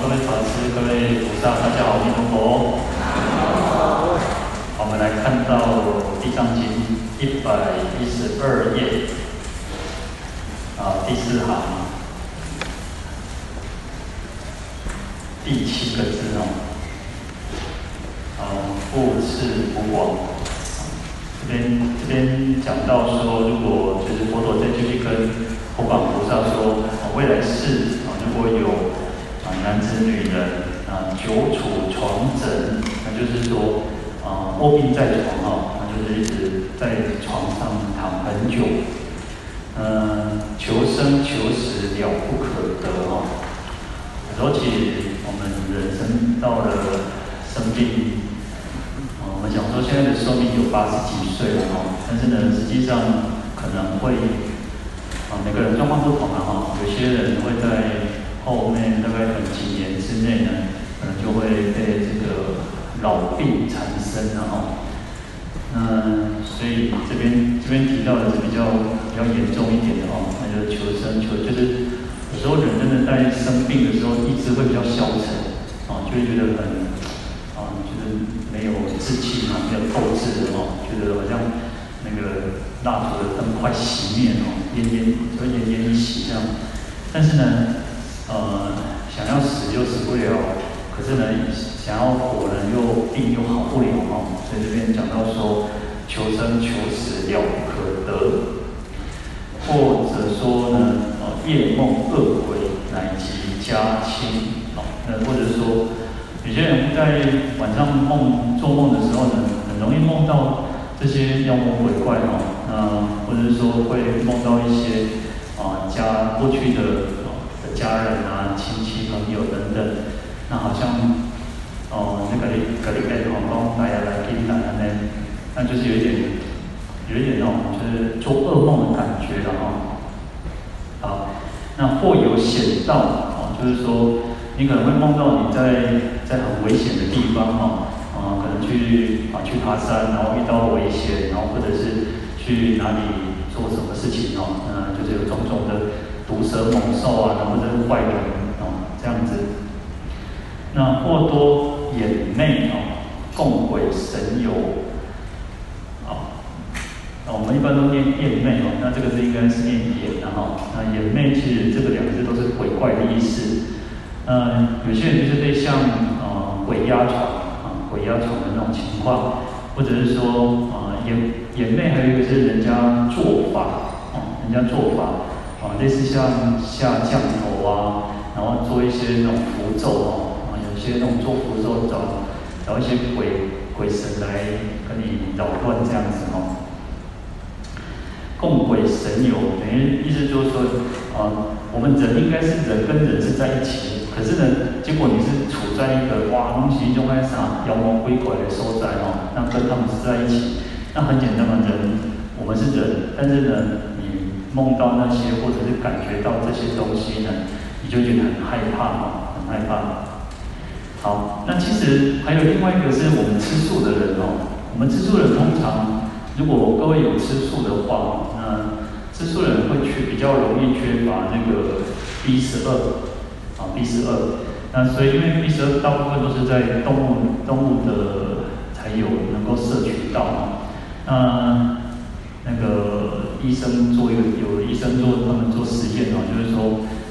各位法師、各位菩薩，大家好，念佛。我們來看到《地藏經》一百一十二頁，啊，第四行，第七個字哦，啊，復次普廣，這邊這邊講到說，如果就是佛陀再繼續跟普廣菩薩說，未來世如果有。男子女人啊，久處床枕，那就是說啊，臥病在床哈，那、啊、就是一直在床上躺很久。嗯、啊，求生求死了不可得哈、啊。而且我們人生到了生病，啊、我們想說現在的壽命有八十幾歲了哈、啊，但是呢，實際上可能會啊，每個人狀況不同了、啊、哈，有些人會在。後面大概有幾年之內呢，可、呃、能就會被這個老病纏身了哈、哦、那，所以這邊這邊提到的是比較比較嚴重一點的哦，那就是求生求就是有時候人真的在生病的時候，意志會比較消沉啊、哦、就會覺得很啊，就、哦、是沒有志氣嘛，比較透支的哦，覺得好像那個蠟燭的燈快熄滅哦，奄奄所以奄奄一息這樣。但是呢。呃，想要死又死不了，可是呢，想要活呢又病又好不了哦。所以這邊講到說，求生求死了不可得，或者說呢，呃、夜夢惡鬼乃及家親、哦、或者說，有些人在晚上夢做夢的時候呢，很容易夢到這些妖魔鬼怪哦，那、呃、或者說會夢到一些啊、呃、家過去的。家人啊、親戚、朋友等等，那好像哦、嗯，那格、個、裡格裡邊吼講，大家來聽一下呢，那就是有點，有一點那種就是做噩夢的感覺了吼。好、啊，那或有險道哦、啊，就是說你可能會夢到你在在很危險的地方吼，啊，可能去啊去爬山，然後遇到危險，然後或者是去哪裡做什麼事情哦，那、啊、就是有種種的。蛇猛獸啊，或者是壞人啊、哦，這樣子。那或多魘魅哦，共鬼神遊哦。那我們一般都念魘魅哦，那這個字應該是念魘的哈。那魘魅其實這個兩個字都是鬼怪的意思。嗯，有些人就是對像鬼壓床啊，鬼壓床、呃、的那種情況，或者是說啊、呃、魘魘魅，還有一個是人家做法哦、呃，人家做法。哦、啊，類似像下降頭啊，然後做一些那種符咒啊，啊，有一些那種做符咒找找一些鬼鬼神來跟你搗亂這樣子哦。共、啊、鬼神遊，等於意思就是說，啊，我們人應該是人跟人是在一起，可是呢，結果你是處在一個哇東西用在啥妖魔鬼怪的所在哦，那跟他們是在一起，那很簡單嘛，人我們是人，但是呢。夢到那些，或者是感覺到這些東西呢，你就覺得很害怕嘛，很害怕。好，那其實還有另外一個是我們吃素的人哦。我們吃素的通常，如果各位有吃素的話，那吃素人會去比較容易缺乏那個 B 十二啊，B 十二。那所以因為 B 十二大部分都是在動物動物的才有能夠攝取到，那那個。醫生做有有醫生做他們做實驗哦、喔，就是說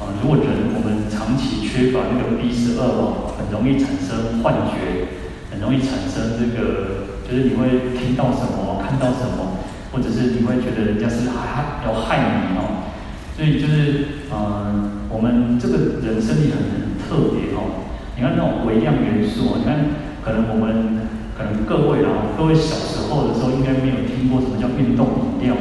啊、呃，如果人我們長期缺乏那個 B 十二哦，很容易產生幻覺，很容易產生這個，就是你會聽到什麼看到什麼，或者是你會覺得人家是啊要害你哦、喔。所以就是嗯、呃，我們這個人身體很很特別哦、喔。你看那種微量元素、喔，你看可能我們可能各位啊，各位小時候的時候應該沒有聽過什麼叫運動飲料。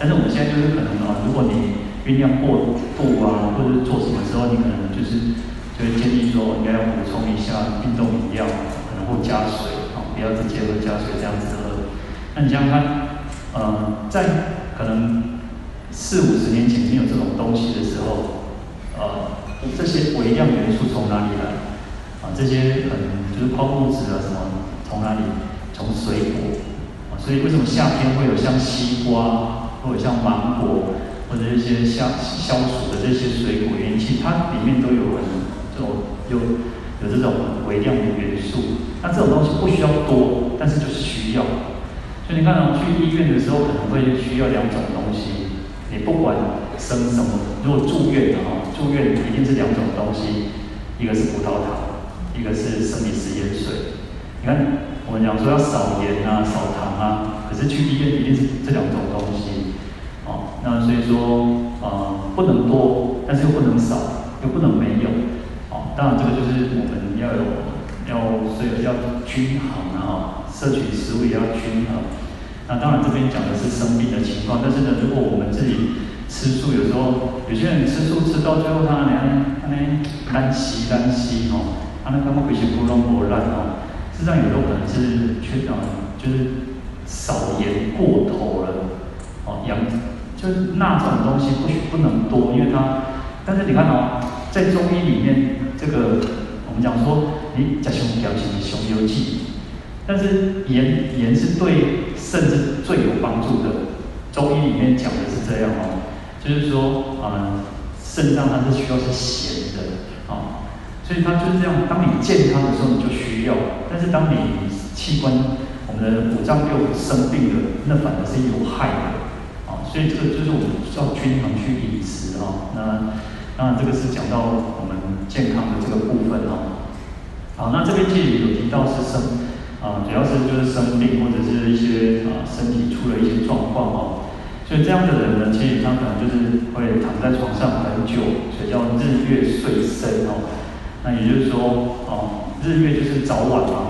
但是我們現在就是可能啊，如果你運動過度啊，或者做什麼時候，你可能就是就是建議說應該要補充一下運動飲料，可能會加水啊、哦，不要直接喝，加水這樣子喝。那你想想看，呃，在可能四五十年前沒有這種東西的時候，呃，這些微量元素從哪裡來啊？這些可能就是礦物質啊什麼從哪裡？從水果啊，所以為什麼夏天會有像西瓜？或者像芒果，或者一些消消暑的這些水果、元氣，它裡面都有很這種有有這種微量的元素。那這種東西不需要多，但是就是需要。所以你看啊、喔，去醫院的時候可能會需要兩種東西。你不管生什麼，如果住院啊，住院一定是兩種東西，一個是葡萄糖，一個是生理食鹽水。你看我們講說要少鹽啊，少糖啊。可是去醫院一定是這兩種東西，哦，那所以說，呃，不能多，但是又不能少，又不能沒有，哦，當然這個就是我們要有，要，所以要均衡啊，攝取食物也、啊、要均衡、啊。那當然這邊講的是生病的情況，但是呢，如果我們自己吃素，有時候有些人吃素吃到最後他蠟蠟蠟蠟蠟蠟、哦啊，他連他連單吸單吸哦，他那個毛皮不咕隆咕爛哦，實際上有的可能是缺氧，就是。少鹽過頭了，哦，鹽就那種東西不需不能多，因為它。但是你看哦，在中醫裡面，這個我們講說，哎，吃熊尿行，熊油記。但是鹽鹽是對腎是最有幫助的，中醫裡面講的是這樣哦，就是說，啊、嗯，腎臟它是需要是鹹的，啊、哦，所以它就是這樣。當你健康的時候，你就需要；但是當你器官我們的五臟，我們生病了，那反而是有害的啊，所以這個就是我們需要均衡去飲食啊。那那這個是講到我們健康的這個部分哦、啊。好、啊，那這邊這裡有提到是生啊，主要是就是生病或者是一些啊身體出了一些狀況哦。所以這樣的人呢，其實他可能就是會躺在床上很久，所以叫日月歲深哦、啊。那也就是說啊，日月就是早晚嘛、啊。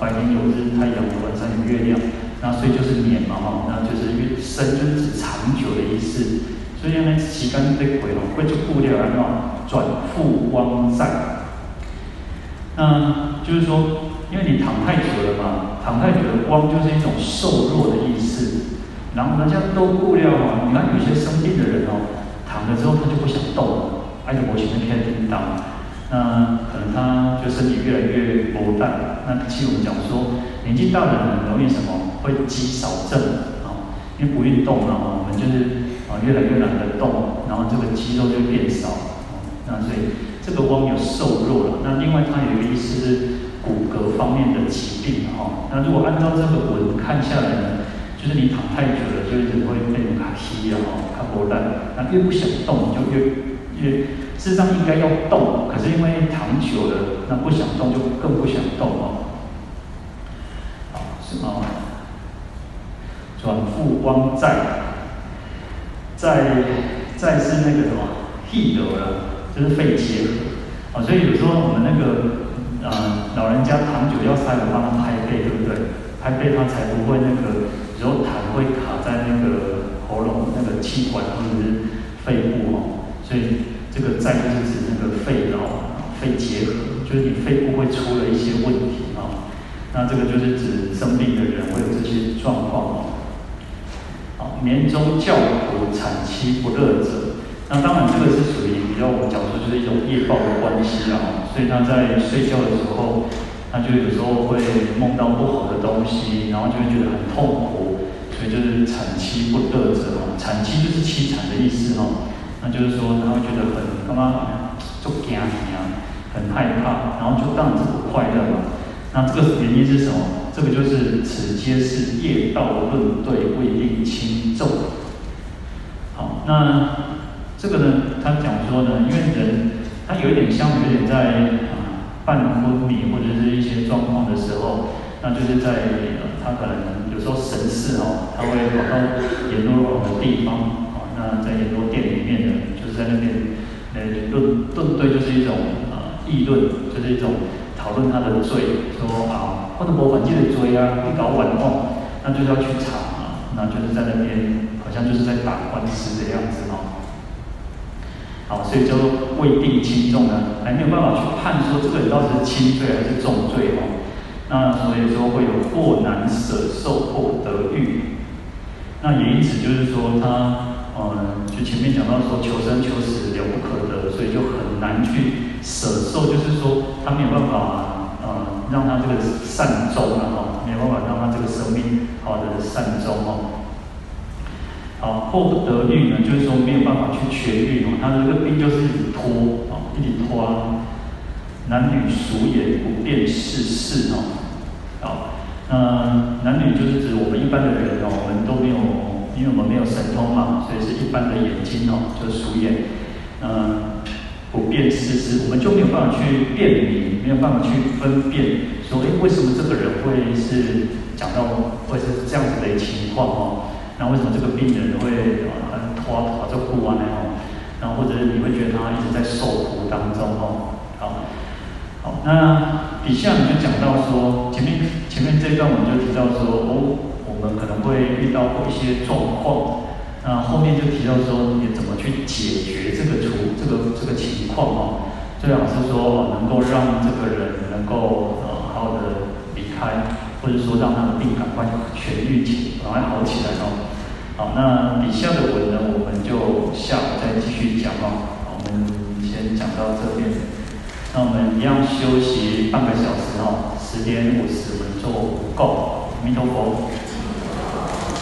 白天有日太陽，晚上有月亮，那所以就是綿嘛，哈，那就是歲深，就是指長久的意思。所以原來旗杆被毀了，會就忽略了，叫轉復尪瘵。那就是說，因為你躺太久了嘛，躺太久的尪就是一種瘦弱的意思。然後呢，這樣都忽略了，你看有些生病的人哦，躺了之後他就不想動了，愛德博前面可叮當。那可能他就身體越來越薄。那其實我們講說，年紀大了很容易什麼，會肌少症，哈，因為不運動啊，我們就是啊越來越懶得動，然後這個肌肉就變少，那所以這個光有瘦弱了，那另外它有一絲骨骼方面的疾病，哈，那如果按照這個文看下來呢，就是你躺太久了，就會變得很稀啊，哈，不薄那越不想動就越越。事實上應該要動，可是因為躺久了，那不想動就更不想動哦、啊。好，什麼？轉復尪瘵。再，再是那個什麼，hit 了，就是肺結核。啊，所以有時候我們那個呃老人家躺久要塞，的幫他拍背，對不對？拍背他才不會那個有痰會卡在那個喉嚨、那個氣管，或者是，是肺。這個再來就是指那個肺癆、肺結核，就是你肺部會出了一些問題啊。那這個就是指生病的人會有這些狀況、啊。好，眠中叫苦，慘悽不樂者。那當然這個是屬於比較我們講說就是一種業報的關係啊，所以他在睡覺的時候，他就有時候會夢到不好的東西，然後就會覺得很痛苦，所以就是慘悽不樂者啊，慘悽就是淒慘的意思哦、啊。那就是說，他會覺得很幹嘛，就驚呀，很害怕，然後就讓自己快樂嘛。那這個原因是什麼？這個就是此皆是業道論對，未定輕重。好，那這個呢，他講說呢，因為人他有一點像，有點在啊半昏迷或者是一些狀況的時候，那就是在、呃、他可能有時候神識哦，他會跑到也多某個地方。那在很多店裡面呢，就是在那邊，呃、欸，論論對就、啊，就是一種呃議論就是一種討論他的罪，說啊，或者謀反罪的罪啊，一搞玩弄，那就是要去查啊，那就是在那邊好像就是在打官司的樣子哦。好，所以就未定輕重呢、啊，還沒有辦法去判說這個人到底是輕罪還是重罪哦。那所以說會有或難捨壽、或不得癒，那也因此就是說他。呃、嗯，就前面講到說求生求死了不可得，所以就很難去捨壽，就是說他沒有辦法，呃、嗯，讓他這個善終了、啊、哈、哦，沒有辦法讓他這個生命好的、哦這個、善終哦、啊。好，或不得愈呢，就是說沒有辦法去痊癒哦，他這個病就是一直拖啊，一直拖。男女俗眼，不辨是事哦，好、嗯，男女就是指我們一般的人哦，我們都沒有。因為我們沒有神通嘛，所以是一般的眼睛哦，就是俗眼，嗯，不辨是事，我們就沒有辦法去辨別，沒有辦法去分辨，說，哎，為什麼這個人會是講到會是這樣子的情況哦？那為什麼這個病人會、啊、很拖拖着不完呢？然後，或者你會覺得他一直在受苦當中哦，好，好，那底下你就講到說，前面前面這一段我們就提到說，哦。我們可能會遇到過一些狀況，那後面就提到說，你怎麼去解決這個出這個這個情況啊？最好是說，能夠讓這個人能夠呃好好的離開，或者說讓他的病趕快痊癒起，趕快好起來哦。好、啊，那以下的文呢，我們就下午再繼續講哦、啊。我們先講到這邊，那我們一樣休息半個小時哈，十點五十我們就 go，阿彌陀佛。